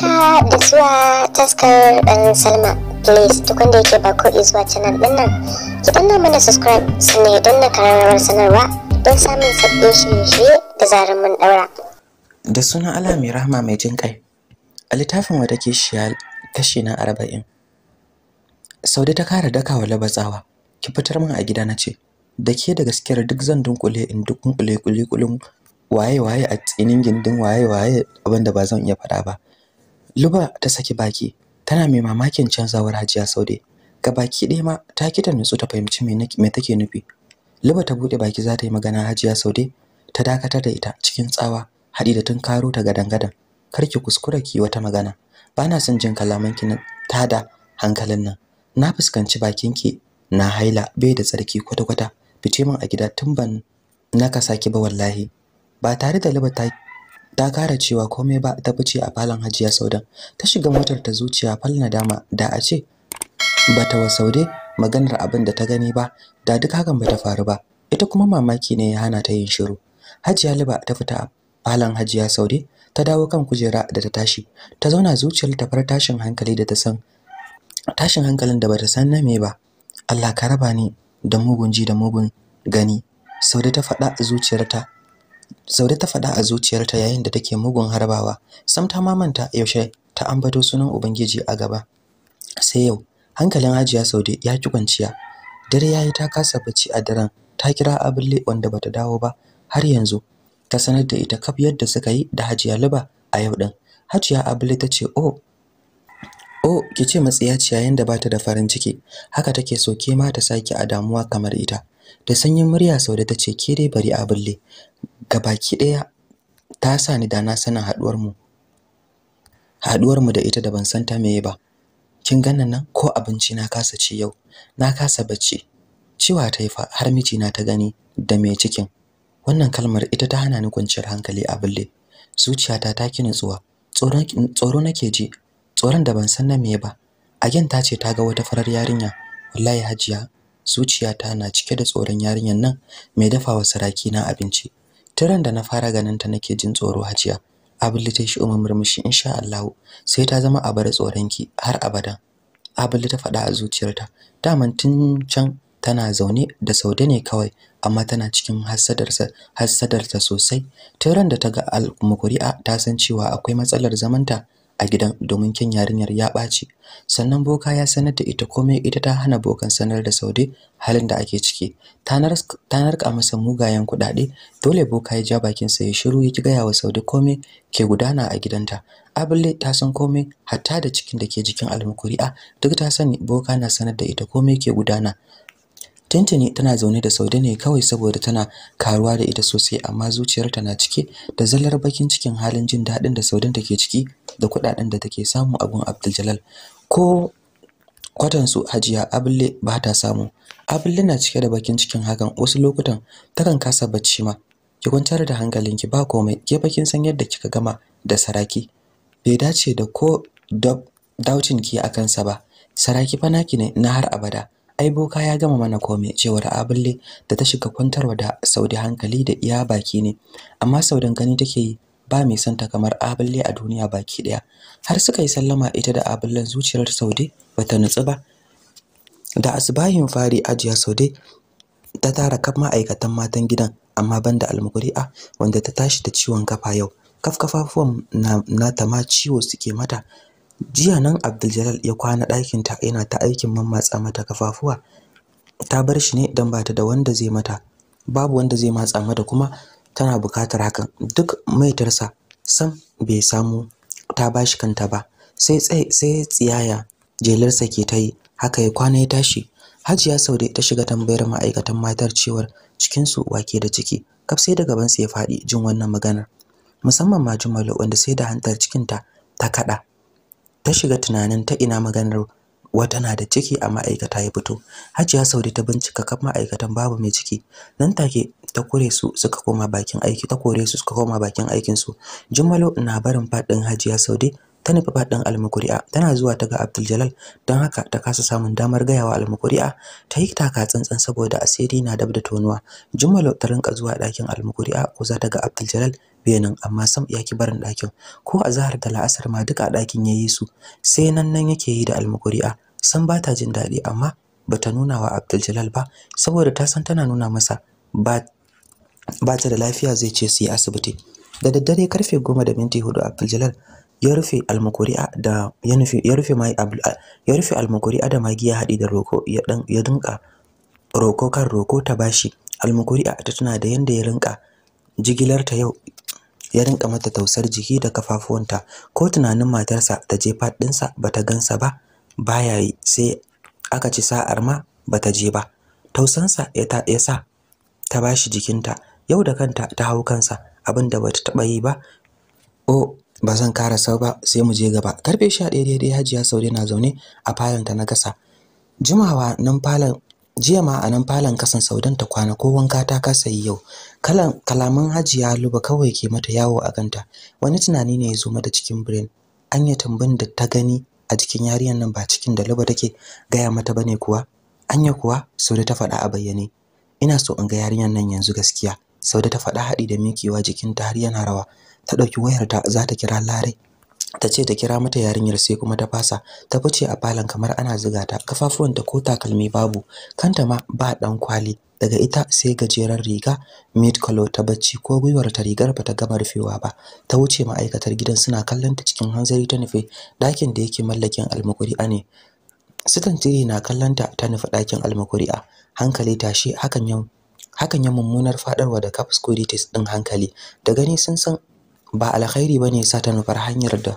haka da zuwa taskar dan salma please duk wanda yake ba ko zuwa canal din nan ki danna mana subscribe sannan ya danna karamar sanarwa don samun sabbin shirye-shirye da zarar mun daura da sunan Allah mai rahama mai jin kai a littafin wata kishiya kashi na arba'in saudi ta kara daka wa labatsawa ki fitar min a gida na ce da ke da gaskiyar duk zan dunkule in duk kulikulin waye waye a tsinin gindin waye waye abinda ba zan iya faɗa ba Luba ta saki baki tana mai mamakin canzawar Hajiya Saude. Ga baki ɗaya ma ta kita nutsu ta fahimci me take nufi. Luba ta buɗe baki za ta yi magana Hajiya Saude ta dakatar da ita cikin tsawa haɗi da tun karo ta gadangadan. Kar ki kuskura ki wata magana. Ba na son jin kalaman ki na tada hankalin nan. Na fuskanci bakin ki na haila bai da tsarki kwata-kwata. Fice min a gida tun ban na ka saki ba wallahi. Ba tare da Luba ta ta kara cewa komai ba ta fice a falon Hajiya Saudan ta shiga motar ta zuciya fal nadama da a ce ba bata wasaude maganar abin da ta gani ba da duk hakan bata faru ba ita kuma mamaki ne ya hana ta yin shiru Hajiya Liba ta fita a falon Hajiya Saude ta dawo kan kujera da ta tashi ta zauna zuciyar ta far tashin hankali da ta san tashin hankalin da bata san na me ba Allah ka raba ni da mugun ji da mugun gani Saude ta faɗa zuciyarta Saude ta faɗa a zuciyarta yayin da take mugun harbawa. Sam ta mamanta yaushe ta ambato sunan Ubangiji a gaba. Sai yau, hankalin Hajiya Saude ya ki kwanciya. Dare yayi ta kasa bacci a daren, ta kira Abulle wanda bata dawo ba har yanzu. Ta sanar da ita kaf yadda suka yi da Hajiya Luba a yau din. Hajiya Abulle ta ce, "Oh, oh ki ce matsiyaciya yanda bata da farin ciki, haka take so ke ma ta saki a damuwa kamar ita." da sanyin murya sau da ta ce ke dai bari a bulle baki ɗaya ta sa ni da na sanin haɗuwar mu haduwar mu da ita da ban san ta meye ba kin ganna nan ko abinci na kasa ci yau na kasa bacci ciwa ta yi fa har miji na ta gani da mai cikin wannan kalmar ita ta hana ni kwanciyar hankali a bulle zuciyata ta ki nutsuwa tsoro nake ji tsoron da ban san na meye ba agen ta ce ta ga wata farar yarinya wallahi hajiya zuciyata na cike da tsoron yarinyar nan mai dafawa saraki na abinci tiran da na fara ganin ta nake jin tsoro hajiya abulita ta shi umar murmushi insha Allah sai ta zama a bar tsoronki har abada abulli ta faɗa a zuciyarta daman tun can tana zaune da saude ne kawai amma tana cikin hassadarsa hassadarta sosai tiran da ta ga al-mukuri'a ta san cewa akwai matsalar zamanta a gidan domin kin yarinyar ya ɓaci sannan boka ya sanar da ita komai ita ta hana bokan sanar da saude halin da ake ciki ta narka masa mugayen kuɗaɗe dole boka ya ja bakinsa ya shiru ya gaya wa saude komai ke gudana a gidanta abule ta san komai hatta da cikin da ke jikin almukuri'a duk ta sani boka na sanar da ita komai ke gudana Tintini tana zaune da Saude ne kawai saboda tana karuwa da ita sosai amma zuciyarta na cike da zallar bakin cikin halin jin daɗin da Saudan take ciki da kuɗaɗen da take samu a gun Abdul ko kwatansu Hajiya Abulle ba ta samu Abulle na cike da bakin cikin hakan wasu lokutan takan kasa bacci ma ki kwantar da hankalinki ba komai ke bakin san yadda kika gama da saraki bai dace da ko daucin ki a kansa ba saraki fa naki ne na har abada ai boka ya gama mana komai cewar abulle da ta shiga kwantarwa da saudi hankali da iya baki ne amma saudin gani take yi ba mai santa kamar abulle a duniya baki daya har suka yi sallama ita da abullan zuciyar saude bata nutsu ba da asbahin fari ajiya saude ta tara kan ma'aikatan matan gidan amma banda almukuri'a wanda ta tashi da ciwon kafa yau Kafkafafuwan na ta ma ciwo suke mata jiya nan Abdul ya kwana ɗakin ta yana ta aikin mammatsa mata kafafuwa ta bar shi ne dan bata da wanda zai mata babu wanda zai matsa mata kuma tana buƙatar hakan duk maitarsa sam bai samu ta bashi kanta ba sai sai tsiyaya jelarsa ke ta yi haka ya kwana ya tashi hajiya saude ta shiga tambayar ma'aikatan matar cewar cikinsu wake da ciki kaf sai da gabansa ya faɗi jin wannan maganar musamman ma jumalo, wanda sai da hantar cikinta ta kaɗa ta shiga tunanin ta ina maganar wata na da ciki a ma'aikata ya fito hajiya saudi ta bincika kan ma'aikatan babu mai ciki nan take ta kore su suka koma bakin aiki ta kore su suka koma bakin aikin su jummalo na barin fadin hajiya saudi ta nufi fadin almukuri'a tana zuwa ta ga abdul jalal don haka ta kasa samun damar gayawa almukuri'a ta yi taka tsantsan saboda asiri na dab da tonuwa jummalo ta rinka zuwa ɗakin almukuri'a ko za ta ga abdul jalal benin amma sam ya ki barin ɗakin ko a zahar da la'asar ma duka ɗakin ya yi su sai nan nan yake yi da almukuri'a san ba ta jin daɗi amma ba ta nuna wa Abdul ba saboda ta san tana nuna masa ba ba ta da lafiya zai ce su yi asibiti da daddare karfe goma da minti hudu Abdul ya rufe almukuri'a da ya ya rufe mai ya rufe almukuri'a da magiya haɗi da roko ya dan ya dinka roko kan roko ta bashi almukuri'a ta tuna da yanda ya rinka jigilar ta yau ya rinka mata tausar jiki da kafafuwanta ko tunanin matarsa ta je faɗinsa bata gansa ba baya yi sai aka ci sa'ar ma bata je ba tausansa ya sa ta bashi jikinta yau da kanta ta hau kansa abinda bata taba yi ba oh ba zan karasa ba sai mu je gaba karfe sha 11 daidai Hajiya Saude na zaune a falon ta na kasa jimawa nan falon jiya ma a nan falon kasan Saudan ta kwana ko wanka ta kasa yi yau kalan kalaman Hajiya Luba kawai ke mata yawo a kanta wani tunani ne ya zo mata cikin brain anya tambayin da ta gani a jikin yarinyar nan ba cikin da Luba take gaya mata bane kuwa anya kuwa Saude ta faɗa a bayyane ina so in ga yarinyar nan yanzu gaskiya Saude ta faɗa haɗi da mikewa ta har yana rawa ta ɗauki wayarta za ta kira Lare ta ce ta kira mata yarinyar sai kuma ta fasa ta fice a falon kamar ana ziga ta kafafuwanta ko takalmi babu kanta ma ba dan kwali daga ita sai gajeren riga mid color ta bacci ko gwiwar ta rigar ba ta gama rufewa ba ta wuce ma'aikatar gidan suna kallon ta cikin hanzari ta nufi dakin da yake mallakin almukuri'a ne sitan tiri na kallon ta ta nufi dakin almukuri'a hankali tashi hakan yau hakan ya mummunar fadarwa da capsulitis din hankali da gani sun san ba alkhairi bane sa ta nufar hanyar da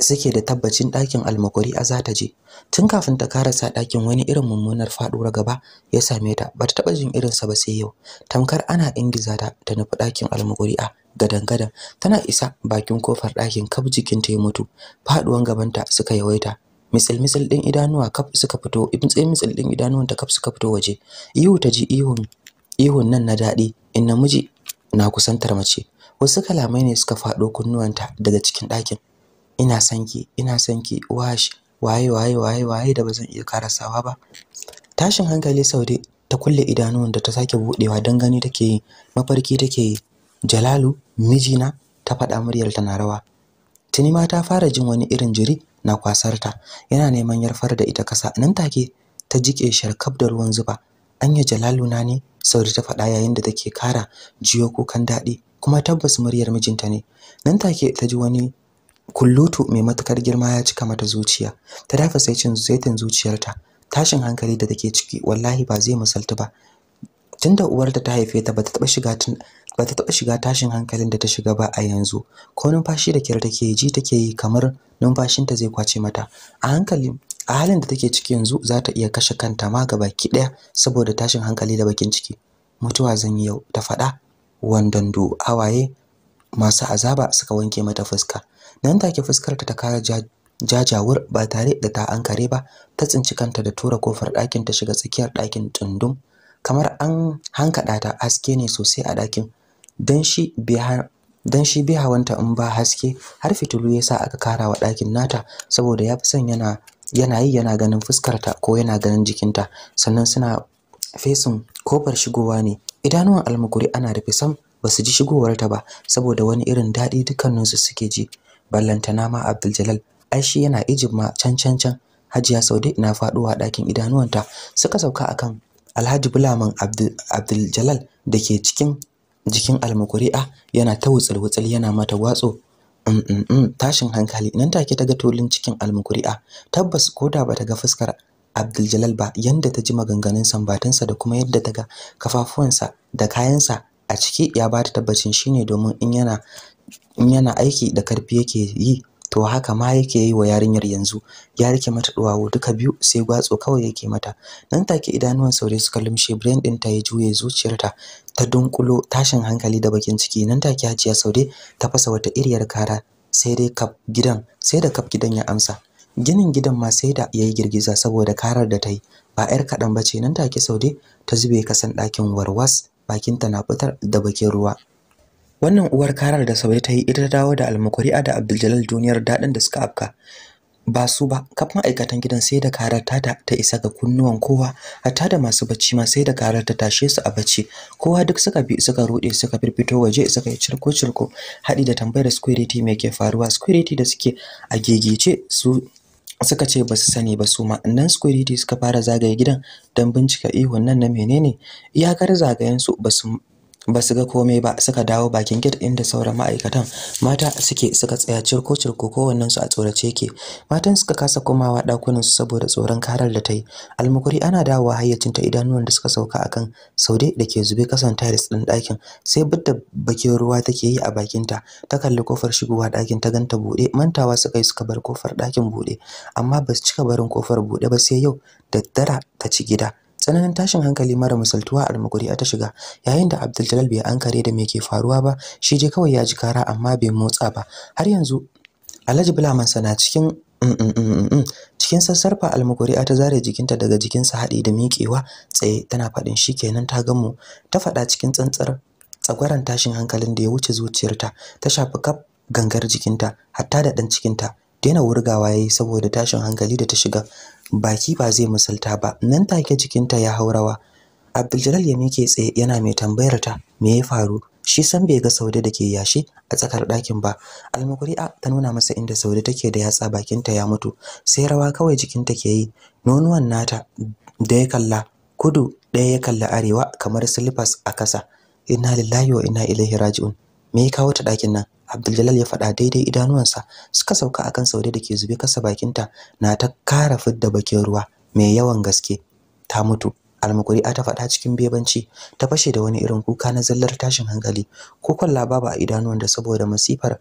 suke da tabbacin ɗakin almakuri a za ta je tun kafin ta karasa ɗakin wani irin mummunar faɗuwar gaba ya same ta ba ta taɓa jin irinsa ba sai yau tamkar ana ingiza ta ta nufi ɗakin almakuri a gadan-gadan tana isa bakin kofar ɗakin kaf ta ya mutu faɗuwan gabanta suka yawaita misil-misil ɗin idanuwa kaf suka fito misil ɗin ta kaf suka fito waje ihu ta ji ihun ihun nan na daɗi in namiji na kusantar mace wasu kalamai ne suka faɗo kunnuwanta daga cikin ɗakin ina son ki ina son ki wash waye waye waye waye da bazan iya karasawa ba tashin hankali saude ta kulle idanuwan da ta sake buɗewa dan gani take yi mafarki take yi Jalalu mijina ta faɗa muryar na rawa tuni ma ta fara jin wani irin jiri na kwasarta yana neman yarfar da ita kasa nan take ta jike sharkab da ruwan zuba anya Jalalu na ne saude ta faɗa yayin da take kara jiyo kukan daɗi kuma tabbas muryar mijinta ne nan take ta ji wani kullutu mai matukar girma ya cika mata zuciya ta dafa sai cin zaitun zuciyarta tashin hankali da take ciki wallahi ba zai misaltu ba tunda uwarta ta haife ta bata taba shiga tun bata taba shiga tashin hankalin da ta shiga ba a yanzu ko numfashi da kyar take ji take yi kamar numfashinta zai kwace mata a hankali a halin da take ciki yanzu za ta iya kashe kanta ma gaba ki daya saboda tashin hankali da bakin ciki mutuwa zan yi yau ta faɗa wandando hawaye masu azaba suka wanke mata fuska nan take fuskar ta kara jajawur ba tare da ta ankare ba ta tsinci kanta da tura kofar ɗakin ta shiga tsakiyar ɗakin tundum kamar an hankada ta haske ne sosai a ɗakin dan shi dan shi bi hawanta in ba haske har fitilu ya sa aka kara wa ɗakin nata saboda yafi fi son yana yana yi yana ganin fuskarta ko yana ganin jikinta sannan suna fesin kofar shigowa ne idanuwan almukuri ana rufe sam ba su ji shigowarta ba saboda wani irin daɗi dukkaninsu suke ji ballantana ma abdul jalal ai shi yana ijib ma can can can hajiya saude na faɗuwa ɗakin idanuwanta suka sauka akan alhaji bulaman abdul jalal da ke cikin jikin almukuri'a ah, yana ta wutsul-wutsul yana mata watso mm, mm, mm, tashin hankali nan take ta ga tolin cikin almukuri'a ah, tabbas koda bata ga fuskar Abdul ba yadda ta ji maganganun sambatansa da kuma yadda ta ga kafafuwansa da kayansa a ciki ya ba ta tabbacin shine domin in yana in yana aiki da karfi yake yi to haka ma yake yi wa yarinyar yanzu ya rike mata duwawo duka biyu sai gwatso kawai yake mata nan take idanuwan saurayi suka lumshe brain din ta ya juye zuciyarta ta dunkulo tashin hankali da bakin ciki nan take hajiya saude ta fasa wata iriyar kara sai dai kaf gidan sai da kaf gidan ya amsa ginin gidan ma sai da yayi girgiza saboda karar da ta yi ba yar kaɗan ba ce nan take saude ta zube kasan ɗakin warwas ta na fitar da bakin ruwa wannan uwar karar da saude ta yi ita ta dawo da almukuri da abdul duniyar daɗin da suka afka ba su ba kaf ma'aikatan gidan sai da karar Tata ta isa ga kunnuwan kowa hatta da masu bacci ma sai da karar ta tashe su a bacci kowa duk suka bi suka rude suka firfito waje suka yi cirko cirko haɗi da tambayar security me ke faruwa security da suke a gegece su suka ce ba su sani ba su ma nan security suka fara zagaye gidan don bincika ihun nan na menene iyakar zagayen su ba su ga komai ba suka dawo bakin gate inda sauran ma'aikatan mata suke suka tsaya cirko cirko kowannen su a tsorace yake matan suka kasa komawa dakunan su saboda tsoron karar da ta almukuri ana dawowa hayyacin ta idanuwan da suka sauka akan saude da ke zube kasan tiles din dakin sai bidda bakin ruwa take yi a bakinta ta kalli kofar shigowa dakin ta ganta buɗe mantawa suka yi suka bar kofar ɗakin buɗe amma ba su cika barin kofar buɗe ba sai yau daddara ta ci gida tsananin tashin hankali mara misaltuwa almuguri'a ta shiga yayin da Abdul Jalal bai ankare da me ke faruwa ba shi je kawai ya ji kara amma bai motsa ba har yanzu Alhaji Bulaman sana cikin mm, mm, mm, cikin sassarfa a ta zare jikinta daga jikinsa haɗi da miƙewa tsaye tana faɗin kenan ta gamu ta faɗa cikin tsantsar tsagwaran tashin hankalin da ya wuce zuciyarta ta shafi kaf gangar jikinta hatta da ɗan cikinta daina wurgawa yayi saboda tashin hankali da ta shiga baki ba zai misalta ba nan take jikinta ya haurawa Abdul ya mike tsaye yana mai tambayar ta me ya faru shi san bai ga Saude da ke yashi a tsakar ɗakin ba Almakuri'a ta nuna masa inda Saude take da yatsa bakinta ya mutu sai rawa kawai jikinta ke yi nonuwan nata da ya kalla kudu ɗaya ya kalla arewa kamar silifas a kasa inna lillahi wa inna ilaihi raji'un me ya kawo ta ɗakin nan Abdul ya faɗa daidai idanuwansa suka sauka akan saude da ke zube kasa bakinta na ta kara fidda bakin ruwa mai yawan gaske ta mutu Almukuri ta faɗa cikin bebanci ta fashe da wani irin kuka na zallar tashin hankali ko kwalla babu a idanuwan da saboda masifar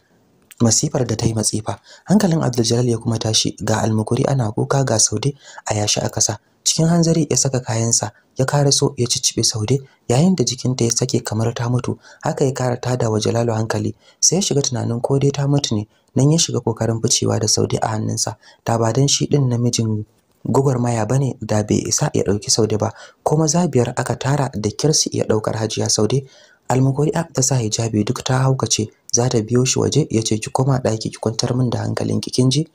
masifar da ta yi matsifa hankalin Abdul ya kuma tashi ga almukuri ana kuka ga saude a yashi a kasa cikin hanzari ya saka kayansa ya kare so ya ciccibe saude yayin da jikinta ya sake kamar ta mutu haka ya kara tada wa Jalalu hankali sai ya shiga tunanin ko dai ta mutu ne nan ya shiga kokarin ficewa da saude a hannunsa da ba dan shi din namijin gwagwarmaya maya bane da bai isa ya ɗauki saude ba ko maza biyar aka tara da kirsi ya ɗaukar hajiya saude almukori ta sa hijabi duk ta haukace za ta biyo shi waje ya ce ki koma ɗaki ki kwantar min da hankalin ki kin ji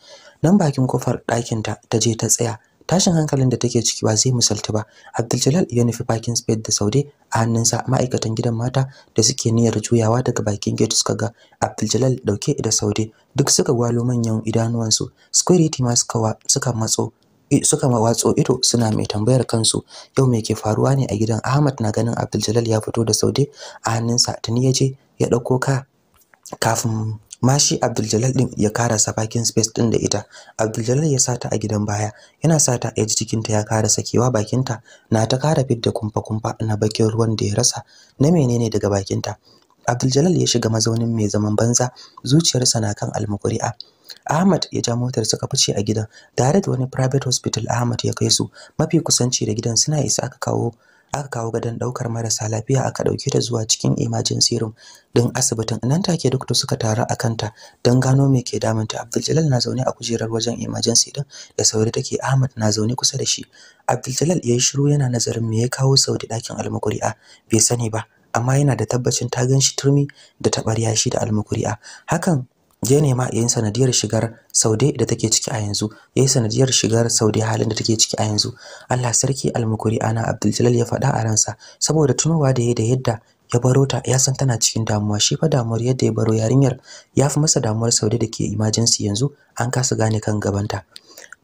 nan bakin kofar ɗakinta ta je ta tsaya tashin hankalin da take ciki ba zai misalta ba Abdul ya nufi parking space da Saude a hannunsa ma'aikatan gidan mata da suke niyyar juyawa daga bakin gate suka ga Abdul dauke da Saude duk suka gwalo manyan idanuwansu security ma suka suka matso suka watso ido suna mai tambayar kansu yau me ke faruwa ne a gidan Ahmad na ganin Abdul ya fito da Saude a hannunsa tuni ya je ya dauko ka kafin mashi Abdul din ya karasa bakin space din da ita Abdul ya sata a gidan baya yana sata a cikin ta ya kara sakewa bakinta na ta kara fidda kumfa kumfa na bakin ruwan da ya rasa na menene daga bakinta Abdul ya shiga mazaunin mai zaman banza zuciyarsa na kan almukuri'a Ahmad ya ja motar suka fice a gidan tare da wani private hospital Ahmad ya kai su mafi kusanci da gidan suna isa aka kawo aka kawo gadon daukar marasa lafiya aka dauke ta zuwa cikin emergency room din asibitin nan take doctor suka taru a kanta don gano me ke damun ta? Abdul na zaune a kujerar wajen emergency din da saurayi take Ahmad na zaune kusa da shi Abdul Jalal yayin shiru yana nazarin me ya kawo Saudi dakin almukuri'a bai sani ba amma yana da tabbacin ta ganshi turmi da tabarya shi da almukuri'a hakan jene ma yayin sanadiyar shigar Saude da take ciki a yanzu yayin sanadiyar shigar Saude halin da take ciki a yanzu Allah sarki almukuri ana Abdul ya faɗa a ransa saboda tunowa da da yadda ya baro ta ya san tana cikin damuwa shi fa damuwar yadda ya baro yarinyar ya fi masa damuwar Saude da ke emergency yanzu an kasa gane kan gabanta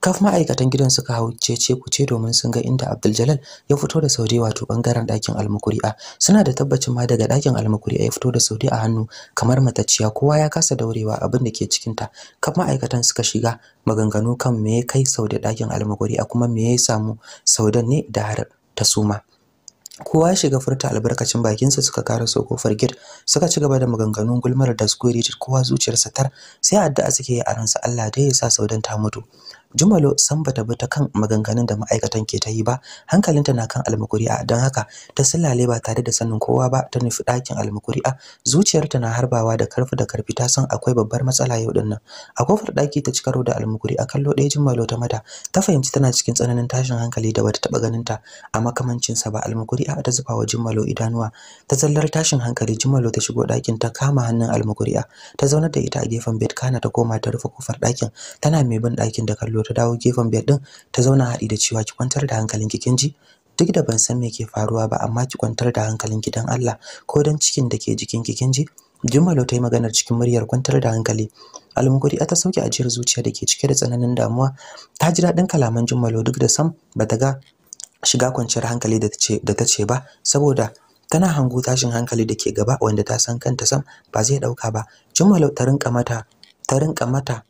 kaf ma'aikatan gidan suka hau cece kuce domin sun ga inda Abdul ya fito da Saudi wato bangaren ɗakin almukuri'a suna da tabbacin ma daga ɗakin almukuri'a ya fito da Saudi a hannu kamar matacciya kowa ya kasa daurewa abin da ke cikin ta kaf ma'aikatan suka shiga maganganu kan me ya kai Saudi ɗakin almukuri'a kuma me ya samu Saudan ne da har ta suma kowa ya shiga furta albarkacin bakinsa suka kara so kofar gid suka ci gaba da maganganun gulmar da square kowa zuciyarsa tar sai addu'a suke yi a ransa Allah dai ya sa saudan ta mutu Jumalo san bata bi ta kan maganganun da ma'aikatan ke ta yi ba, hankalinta na kan almukuri'a don haka ta sallale ba tare da sanin kowa ba ta nufi ɗakin almukuri'a. Zuciyarta na harbawa da karfi da karfi ta san akwai babbar matsala yau dinnan. A kofar ɗaki ta ci karo da almukuri'a kallo ɗaya Jumalo ta mata, ta fahimci tana cikin tsananin tashin hankali da bata taɓa ganin ta a makamancinsa ba almukuri'a ta zuba wa Jumalo idanuwa. Ta zallar tashin hankali Jumalo ta shigo ɗakin ta kama hannun almukuri'a ta zaunar da ita a gefen bed kana ta koma ta rufe kofar ɗakin tana mai bin ɗakin da kallo ta dawo gefen bed din ta zauna haɗi da cewa ki kwantar da hankalin kin ji duk da ban san me ke faruwa ba amma ki kwantar da ki dan Allah ko dan cikin da ke jikinki kin ji Jummalo ta yi maganar cikin muryar kwantar da hankali. Almukuri ta sauke ajiyar zuciya da ke cike da tsananin damuwa. Ta ji daɗin kalaman Jummalo duk da sam ba ta ga shiga kwanciyar hankali da ta ce ba saboda tana hango tashin hankali da ke gaba wanda ta san kanta sam ba zai ɗauka ba. Jummalo ta rinka mata ta rinka mata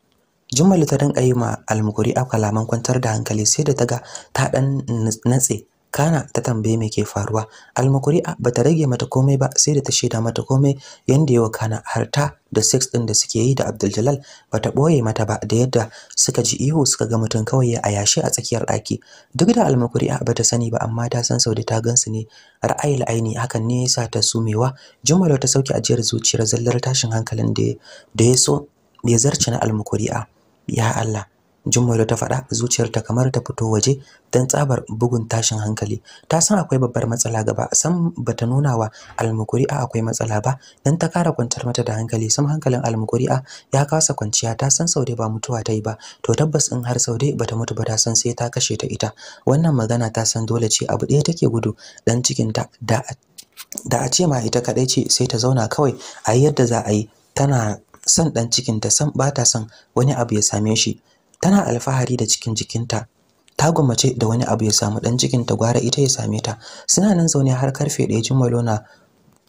Jummali ta rinka yi ma almukuri a kalaman kwantar da hankali sai da ta ga ta ɗan natse kana ta tambaye me ke faruwa almukuri bata bata rage mata komai ba sai da ta shaida mata komai yanda yawa kana har ta da sex ɗin da suke yi da Abdul ba ta boye mata ba da yadda suka ji ihu suka ga mutum kawai ya yashe a tsakiyar ɗaki duk da almukuri bata bata sani ba amma ta san sau da ta gansu ne ra'ayil aini hakan ne ya sa ta sumewa jumalo ta sauke ajiyar zuciyar zallar tashin hankalin da ya so ya zarce na almukuri'a ya Allah Jummalo ta faɗa zuciyarta kamar ta fito waje dan tsabar bugun tashin hankali. Ta san akwai babbar matsala gaba, san bata nuna wa almukuri'a akwai matsala ba, don ta kara kwantar mata da hankali. san hankalin almukuri'a ya kasa kwanciya, ta san Saude ba mutuwa ta yi ba. To tabbas in har Saude bata mutu ba ta san sai ta kashe ta ita. Wannan magana ta san dole ce abu ɗaya take gudu dan cikinta da da a ce ma ita kadai ce sai ta zauna kawai a yi yadda za a yi tana son ɗan cikinta san bata son wani abu ya same shi tana alfahari da cikin jikinta ta gwammace da wani abu ya samu ɗan cikinta gwara ita ya same ta suna nan zaune har karfe ɗaya jummalo na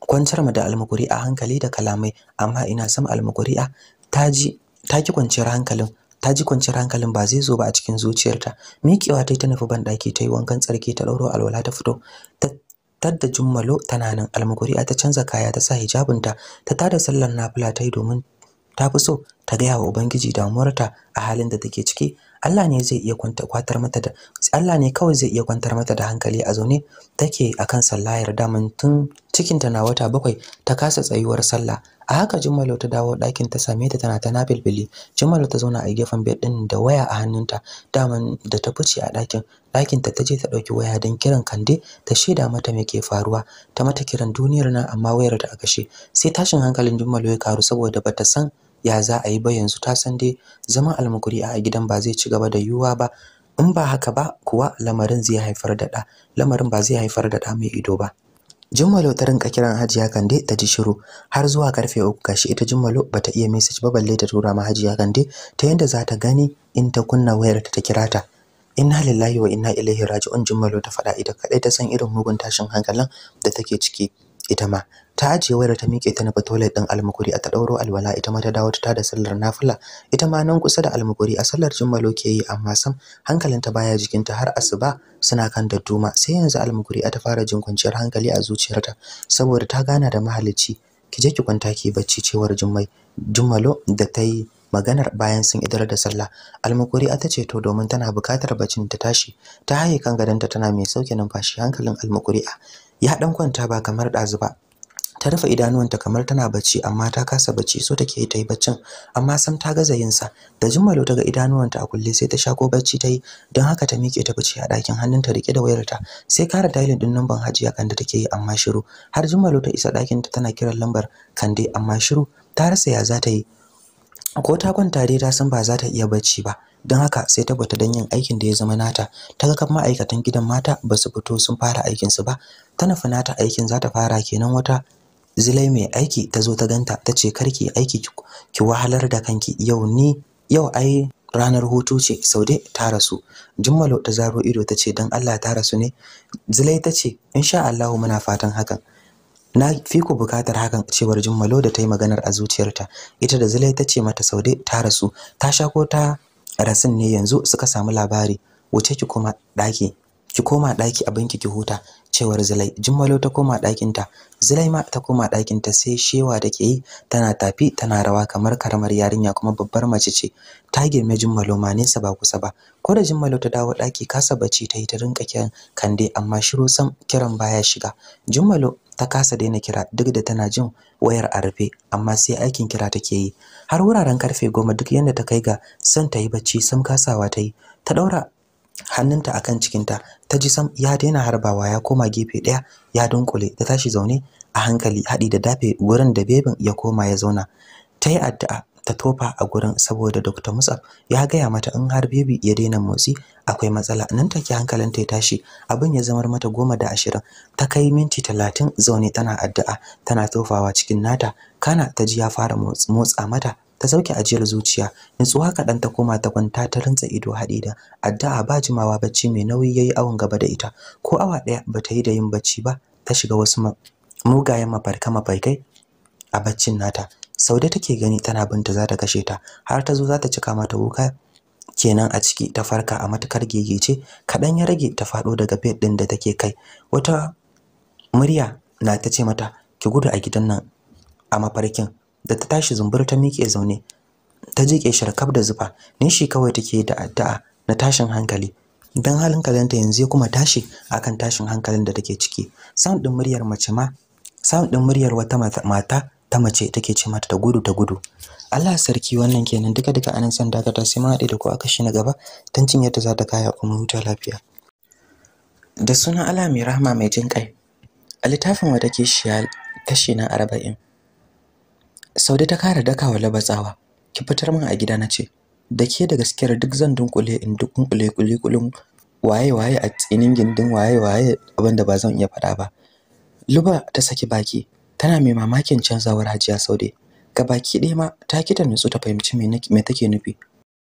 kwantar mu da a hankali da kalamai amma ina son almukuri'a ah, ta ji ta ki kwanciyar hankalin ta ji kwanciyar hankalin ba zai zo ba a cikin zuciyarta miƙewa ta yi ta nufi banɗaki ta yi wankan tsarki ta ɗauro alwala ta fito ta tadda jummalo tana nan almukuri'a ah, ta canza kaya ta sa hijabinta ta tada sallar nafila ta yi domin ta fi so ta gaya wa ubangiji damuwarta a halin da take ciki Allah ne zai iya kwantar mata da Allah ne kawai zai iya kwantar mata da hankali a zaune take akan sallayar daman tun cikin ta na wata bakwai ta kasa tsayuwar sallah a haka Jummalo ta dawo ɗakin ta same ta tana ta nafilfili Jummalo ta zauna a gefen bed ɗin da waya a hannunta daman da ta fice a ɗakin ɗakin ta taje ta ɗauki waya don kiran Kande ta shaida mata me ke faruwa ta mata kiran duniyar nan amma wayar ta a kashe sai tashin hankalin Jummalo ya karu saboda bata san ya za a yi ba yanzu ta san dai zaman almukuri a gidan ba zai ci gaba da yiwuwa ba in ba haka ba kuwa lamarin zai haifar da ɗa lamarin ba zai haifar da ɗa mai ido ba jimmalo ta rinka kiran Hajiya Kande ta ji shiru har zuwa karfe uku gashi ita Jummalo bata iya message ba balle ta tura ma Hajiya Kande ta yanda za ta gani in ta kunna wayar ta ta kira ta. Inna lillahi wa inna ilaihi raji'un jimmalo ta faɗa ita kaɗai ta san irin mugun tashin hankalin da take ciki ita ma ta ajiye wayar ta miƙe ta nufa toilet ɗin almukuri a ta ɗauro alwala ita ma ta dawo ta da sallar nafila ita ma nan kusa da almukuri a sallar jummalo ke yi amma sam hankalinta baya jikinta har asuba suna kan dadduma sai yanzu almukuri ta fara jin kwanciyar hankali a zuciyarta saboda ta gana da mahalicci ki je ki kwanta ki bacci cewar jummai jummalo da ta yi maganar bayan sun idar da sallah almukuri ta ce to domin tana buƙatar bacin ta tashi ta haye kan gadonta tana mai sauke numfashi hankalin almukuri ya dan kwanta ba kamar ɗazu ba ta rufe idanuwanta kamar tana bacci amma ta kasa bacci so take ta yi baccin amma sam ta gaza yin sa da jimmalo ta ga idanuwanta a kulle sai ta shako bacci ta yi don haka ta miƙe ta bacci a ɗakin hannunta rike da wayarta sai kara dialing din lambar hajiya kande take yi amma shiru har jimmalo ta isa ɗakin ta tana kiran lambar kande amma shiru ta rasa ya za ta yi ko ta kwanta dai ta san ba za ta iya bacci ba don haka sai ta bata don yin aikin da ya zama nata ta ga kan ma'aikatan gidan mata ba su fito sun fara aikin su ba ta nufi nata aikin za ta fara kenan wata Zulai mai aiki ta zo ta ganta ta ce karki aiki ki wahalar da kanki yau ni yau ai ranar hutu ce Saude ta rasu Jummalo ta zaro ido ta ce dan Allah ta rasu ne Zulai ta ce insha Allah muna fatan hakan na fi ku bukatar hakan cewar Jummalo da ta yi maganar a zuciyarta ita da Zulai ta ce mata Saude ta rasu ta sha ko ta rasin ne yanzu suka samu labari wuce ki kuma ɗaki ki koma ɗaki abinki ki huta cewar zulai jummalo ta koma ɗakinta zulai ma ta koma ɗakinta sai shewa take yi tana tafi tana rawa kamar karamar yarinya kuma babbar mace ce ta girme jimmalo, ma nesa ba kusa ba ko da jimmalo ta dawo ɗaki kasa bacci ta yi ta rinka kiran kande amma shiru sam kiran baya shiga jummalo ta kasa daina kira duk da tana jin wayar a rufe amma sai aikin kira take yi har wuraren karfe goma duk yadda ta kai ga son ta yi bacci sam kasawa ta yi ta ɗaura hannunta akan cikinta ta ji sam ya daina harbawa ya koma gefe ɗaya ya dunkule ta tashi zaune a hankali haɗi da dafe wurin da bebin ya koma ya zauna ta yi addu'a ta tofa a gurin saboda Dr. Musab ya gaya mata in har bebi ya daina motsi akwai matsala nan take hankalinta ya tashi abin ya zamar mata goma da ashirin ta kai minti talatin zaune tana addu'a tana tofawa cikin nata kana ta ji ya fara motsa mata ta sauke ajiyar zuciya nutsuwa kaɗan ta koma ta kwanta ta rantsa ido haɗi da addu'a ba jimawa bacci mai nauyi yayi awon gaba da ita ko awa ɗaya ba ta yi da yin bacci ba ta shiga wasu mugayen mafarka mafarkai a baccin nata saude take gani tana binta za ta kashe ta har ta zo za ta cika mata wuka kenan a ciki ta farka a matukar gegece kaɗan ya rage ta faɗo daga bed ɗin da take kai wata murya na ta ce mata ki gudu a gidan nan a mafarkin da ta tashi zumbur ta miƙe zaune ta jike sharkaf da zufa nishi kawai take da addu'a na tashin hankali dan halin kalanta yanzu ya kuma tashi akan tashin hankalin da take ciki sound din muryar mace ma sound din muryar wata mata ta mace take ce mata ta gudu ta gudu Allah sarki wannan kenan duka duka anan san ta sai ma haɗe da ku aka shi na gaba tancin yadda za ta kaya kuma huta lafiya da sunan Allah mai rahama mai jin kai a littafin wa take shi kashi na arba'in Saude ta kara dakawa labatsawa. Ki fitar min a gida na ce. Da ke da gaskiyar duk zan dunkule in duk kuli kulun waye waye a tsinin gindin waye waye abinda ba zan iya faɗa ba. Luba ta saki baki tana mai mamakin canzawar Hajiya Saude. Ga baki ɗaya ma ta kita nutsu ta fahimci me take nufi.